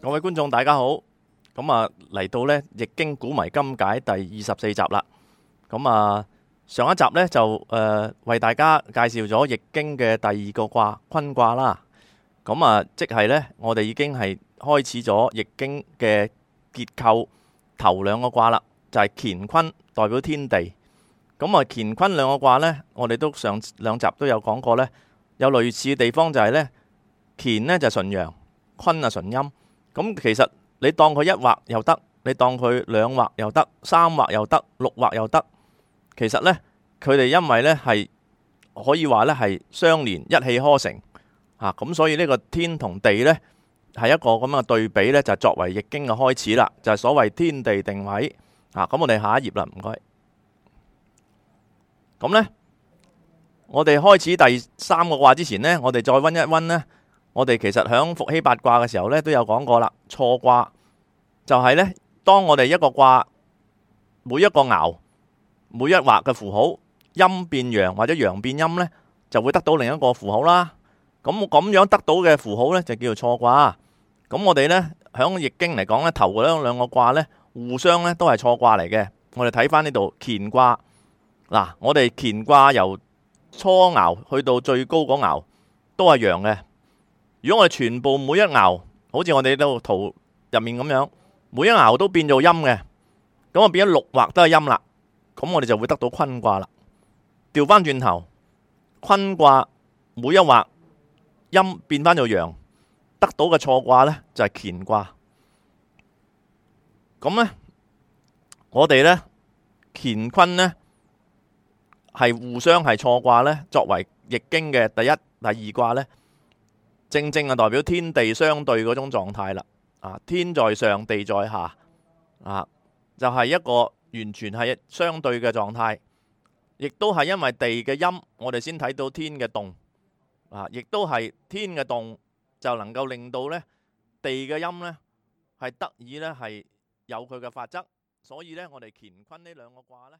各位觀眾大家好，咁啊嚟到咧《易經古謎今解》第二十四集啦。咁啊，上一集呢，就誒為大家介紹咗《易經》嘅第二個卦坤卦啦。咁啊，即係呢，我哋已經係開始咗《易經》嘅結構頭兩個卦啦，就係乾坤代表天地。咁啊，乾坤兩個卦呢，我哋都上兩集都有講過呢，有類似嘅地方就係呢，乾呢就純陽，坤啊純陰。咁其實你當佢一畫又得，你當佢兩畫又得，三畫又得，六畫又得。其實呢，佢哋因為呢係可以話呢係相連一氣呵成啊。咁所以呢個天同地呢係一個咁樣嘅對比呢，就作為易經嘅開始啦。就係所謂天地定位啊。咁我哋下一頁啦，唔該。咁呢，我哋開始第三個卦之前呢，我哋再溫一溫呢。我哋其實響伏羲八卦嘅時候咧，都有講過啦。錯卦就係咧，當我哋一個卦，每一個爻，每一畫嘅符號，陰變陽或者陽變陰咧，就會得到另一個符號啦。咁咁樣得到嘅符號咧，就叫做錯卦。咁我哋咧響易經嚟講咧，頭嗰兩兩個卦咧，互相咧都係錯卦嚟嘅。我哋睇翻呢度乾卦，嗱，我哋乾卦由初爻去到最高嗰爻，都係陽嘅。如果我哋全部每一爻，好似我哋度圖入面咁樣，每一爻都變做陰嘅，咁我變咗六畫都係陰啦，咁我哋就會得到坤卦啦。調翻轉頭，坤卦每一畫陰變翻做陽，得到嘅錯卦呢就係乾卦。咁呢，我哋呢乾坤呢係互相係錯卦呢，作為易經嘅第一、第二卦呢，正正係代表天地相對嗰種狀態啦，啊，天在上，地在下，啊，就係、是、一個完全係相對嘅狀態，亦都係因為地嘅陰，我哋先睇到天嘅動，啊，亦都係天嘅動就能夠令到呢地嘅陰呢係得以呢係有佢嘅法則，所以呢，我哋乾坤呢兩個卦呢。